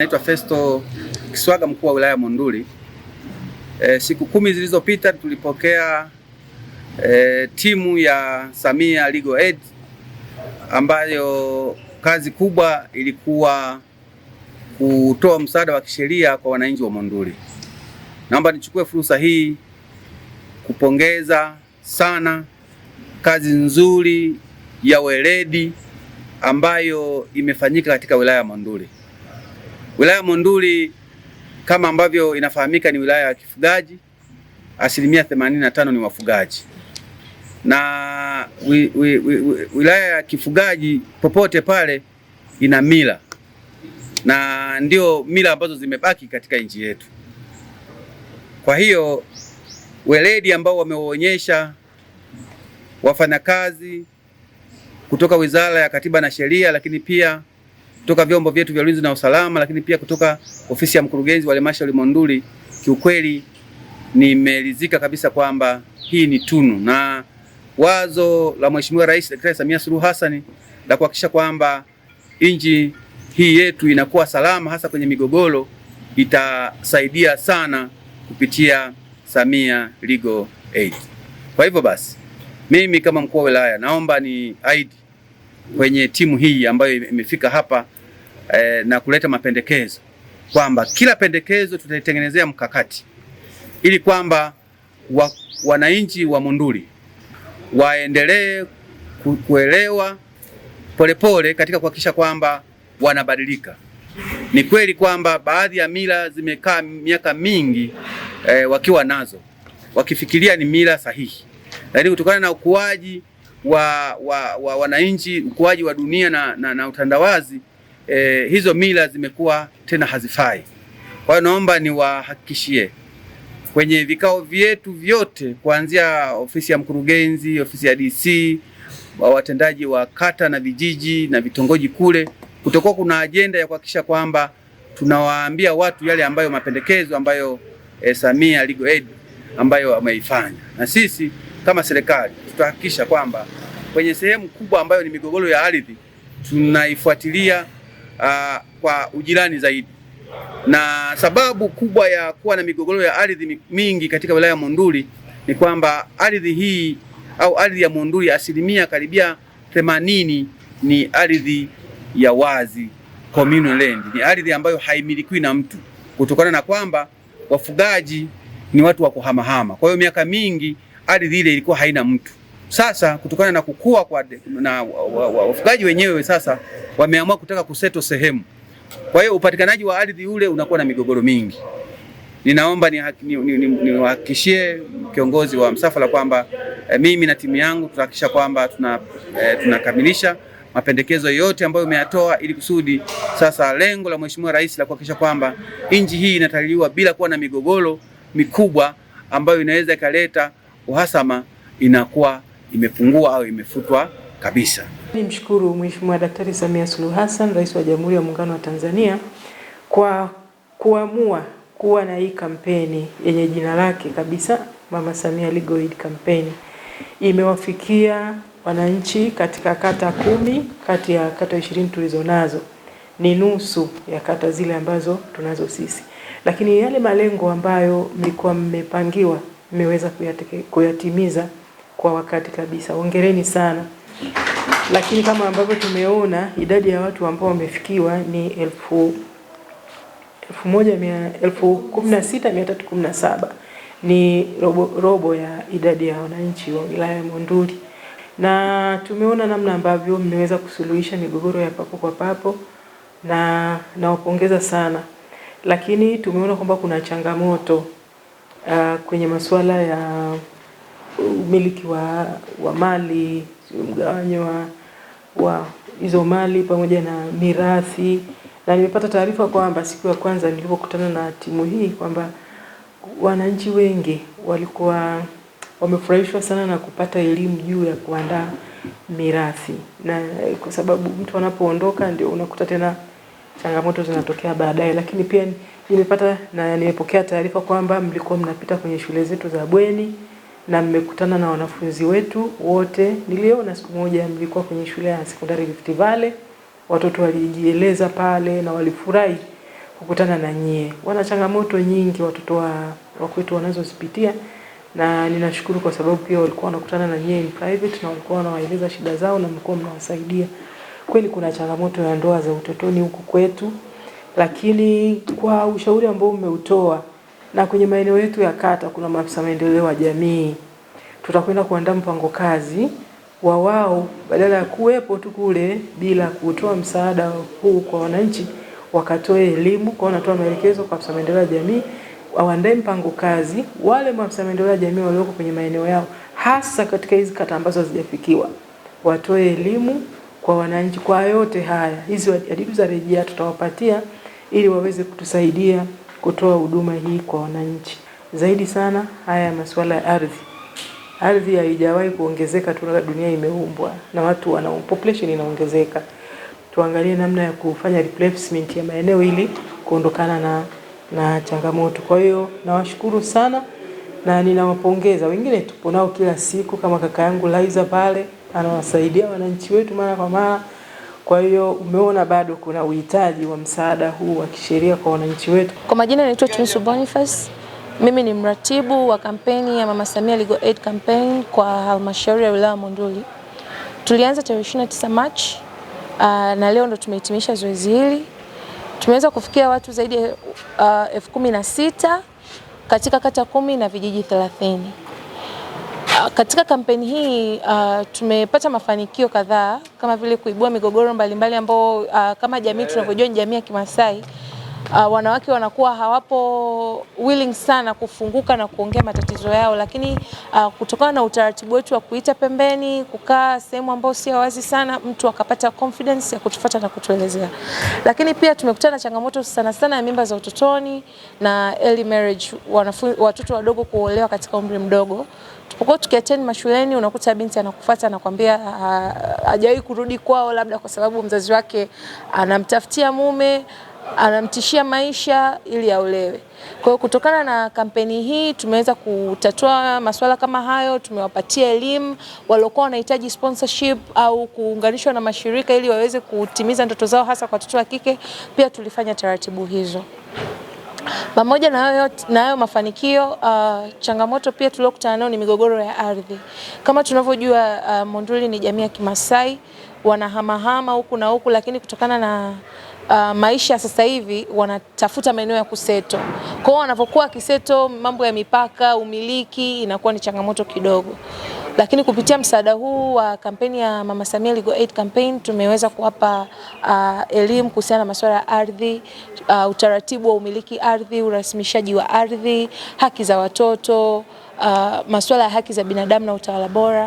Naitwa Festo Kiswaga, mkuu wa wilaya Monduli. E, siku kumi zilizopita tulipokea e, timu ya Samia Legal Aid ambayo kazi kubwa ilikuwa kutoa msaada wa kisheria kwa wananchi wa Monduli. Naomba nichukue fursa hii kupongeza sana kazi nzuri ya weledi ambayo imefanyika katika wilaya ya Monduli. Wilaya Monduli kama ambavyo inafahamika ni wilaya ya kifugaji, asilimia 85 ni wafugaji na wi, wi, wi, wi, wilaya ya kifugaji popote pale ina mila na ndio mila ambazo zimebaki katika nchi yetu. Kwa hiyo weledi ambao wamewaonyesha wafanyakazi kutoka Wizara ya Katiba na Sheria, lakini pia kutoka vyombo vyetu vya ulinzi na usalama, lakini pia kutoka ofisi ya mkurugenzi wa halmashauri Monduli. Kiukweli nimeridhika kabisa kwamba hii ni tunu na wazo la Mheshimiwa Rais Daktari Samia Suluhu Hassan la kuhakikisha kwamba nchi hii yetu inakuwa salama hasa kwenye migogoro itasaidia sana kupitia Samia Legal Aid. Kwa hivyo basi, mimi kama mkuu wa wilaya naomba ni aidi kwenye timu hii ambayo imefika hapa eh, na kuleta mapendekezo kwamba kila pendekezo tutaitengenezea mkakati ili kwamba wa, wananchi wa Monduli waendelee kuelewa polepole katika kuhakikisha kwamba wanabadilika. Ni kweli kwamba baadhi ya mila zimekaa miaka mingi eh, wakiwa nazo wakifikiria ni mila sahihi, lakini kutokana na ukuaji wa, wa, wa wananchi, ukuaji wa dunia na, na, na utandawazi eh, hizo mila zimekuwa tena hazifai. Kwa hiyo naomba niwahakikishie kwenye vikao vyetu vyote kuanzia ofisi ya mkurugenzi, ofisi ya DC, watendaji wa kata na vijiji na vitongoji kule, kutakuwa kuna ajenda ya kuhakikisha kwamba tunawaambia watu yale ambayo mapendekezo ambayo eh, Samia Legal Aid ambayo ameifanya na sisi kama serikali tutahakikisha kwamba kwenye sehemu kubwa ambayo ni migogoro ya ardhi tunaifuatilia uh, kwa ujirani zaidi. Na sababu kubwa ya kuwa na migogoro ya ardhi mingi katika wilaya ya Monduli ni kwamba ardhi hii au ardhi ya Monduli asilimia karibia themanini ni ardhi ya wazi, communal land, ni ardhi ambayo haimilikiwi na mtu kutokana na kwamba wafugaji ni watu wa kuhamahama. Kwa hiyo miaka mingi ardhi ile ilikuwa haina mtu. Sasa kutokana na kukua kwa na wafugaji wenyewe sasa wameamua kutaka kuseto sehemu. Kwa hiyo upatikanaji wa ardhi ule unakuwa na migogoro mingi. Ninaomba niwahakikishie ni, ni, ni kiongozi wa msafara kwamba eh, mimi na timu yangu tutahakikisha kwamba tuna eh, tunakamilisha mapendekezo yote ambayo umeyatoa ili kusudi sasa lengo la Mheshimiwa Rais la kuhakikisha kwamba nchi hii inataliliwa bila kuwa na migogoro mikubwa ambayo inaweza ikaleta uhasama inakuwa imepungua au imefutwa kabisa. mshukuru Mheshimiwa Daktari Samia Suluhu Hassan, Rais wa Jamhuri ya Muungano wa Tanzania kwa kuamua kuwa na hii kampeni yenye jina lake kabisa, Mama Samia Legal Aid Campaign. Imewafikia wananchi katika kata kumi kati ya kata ishirini tulizonazo, ni nusu ya kata zile ambazo tunazo sisi, lakini yale malengo ambayo mlikuwa mmepangiwa mmeweza kuyatimiza kwa wakati kabisa. Hongereni sana. Lakini kama ambavyo tumeona idadi ya watu ambao wamefikiwa ni elfu elfu moja mia elfu kumi na sita mia tatu kumi na saba ni robo, robo ya idadi ya wananchi wa wilaya ya Monduli, na tumeona namna ambavyo mmeweza kusuluhisha migogoro ya papo kwa papo na nawapongeza sana, lakini tumeona kwamba kuna changamoto uh, kwenye masuala ya umiliki wa, wa mali, mgawanyo wa hizo mali pamoja na mirathi, na nimepata taarifa kwamba siku ya kwanza nilipokutana na timu hii kwamba wananchi wengi walikuwa wamefurahishwa sana na kupata elimu juu ya kuandaa mirathi, na kwa sababu mtu anapoondoka ndio unakuta tena changamoto zinatokea baadaye, lakini pia nimepata na nimepokea taarifa kwamba mlikuwa mnapita kwenye shule zetu za bweni na mmekutana na wanafunzi wetu wote. Niliona siku moja mlikuwa kwenye shule ya sekondari Rift Valley, watoto walijieleza pale na walifurahi kukutana na nyie. Wana changamoto nyingi watoto wa wakwetu wanazozipitia, na ninashukuru kwa sababu pia walikuwa wanakutana na nyie in private na walikuwa wanawaeleza shida zao na mlikuwa mnawasaidia. Kweli kuna changamoto ya ndoa za utotoni huku kwetu. Lakini kwa ushauri ambao umeutoa na kwenye maeneo yetu ya kata kuna maafisa maendeleo wa jamii, tutakwenda kuandaa mpango kazi wa wao badala ya kuwepo tu kule bila kutoa msaada huu kwa wananchi, wakatoe elimu kwa, wanatoa maelekezo kwa afisa maendeleo ya jamii waandae mpango kazi. Wale maafisa maendeleo ya jamii walioko kwenye maeneo yao, hasa katika hizi kata ambazo hazijafikiwa, watoe elimu kwa wananchi kwa yote haya. Hizi hadidu za rejea tutawapatia ili waweze kutusaidia kutoa huduma hii kwa wananchi. Zaidi sana haya ya masuala ya ardhi. Ardhi haijawahi kuongezeka tu dunia imeumbwa na watu wana population inaongezeka. Tuangalie namna ya kufanya replacement ya maeneo ili kuondokana na na changamoto. Kwa hiyo nawashukuru sana na ninawapongeza. Wengine tupo nao kila siku kama kaka yangu Liza pale anawasaidia wananchi wetu mara kwa mara. Kwa hiyo umeona bado kuna uhitaji wa msaada huu wa kisheria kwa wananchi wetu. Kwa majina naitwa Tunsu Boniface. Mimi ni mratibu wa kampeni ya Mama Samia Legal Aid Campaign kwa halmashauri ya wilaya Monduli. Tulianza tarehe 29 Machi ah, na leo ndo tumehitimisha zoezi hili. Tumeweza kufikia watu zaidi ya ah, elfu kumi na sita katika kata kumi na vijiji thelathini. Katika kampeni hii uh, tumepata mafanikio kadhaa kama vile kuibua migogoro mbalimbali ambayo uh, kama jamii eh. tunavyojua ni jamii ya Kimasai uh, wanawake wanakuwa hawapo willing sana kufunguka na kuongea matatizo yao, lakini uh, kutokana na utaratibu wetu wa kuita pembeni, kukaa sehemu ambayo si wazi sana, mtu akapata confidence ya kutufuata na kutuelezea. Lakini pia tumekutana na changamoto sana sana ya mimba za utotoni na early marriage, watoto wadogo kuolewa katika umri mdogo. Uko tukiachana mashuleni, unakuta binti anakufuata anakwambia ah, ah, hajawahi kurudi kwao, labda kwa sababu mzazi wake anamtafutia mume anamtishia maisha ili aolewe. Kwa hiyo kutokana na kampeni hii tumeweza kutatua masuala kama hayo, tumewapatia elimu waliokuwa wanahitaji sponsorship au kuunganishwa na mashirika ili waweze kutimiza ndoto zao hasa kwa watoto wa kike. Pia tulifanya taratibu hizo. Pamoja na hayo na hayo mafanikio uh, changamoto pia tuliokutana nayo ni migogoro ya ardhi. Kama tunavyojua uh, Monduli ni jamii ya Kimasai, wanahamahama huku na huku, lakini kutokana na Uh, maisha sasa hivi wanatafuta maeneo ya kuseto. Kwa hiyo wanavyokuwa kiseto, mambo ya mipaka, umiliki inakuwa ni changamoto kidogo. Lakini kupitia msaada huu wa kampeni ya Mama Samia Legal Aid Campaign tumeweza kuwapa uh, elimu kuhusiana na masuala ya ardhi uh, utaratibu wa umiliki ardhi, urasimishaji wa ardhi, haki za watoto uh, masuala ya haki za binadamu na utawala bora.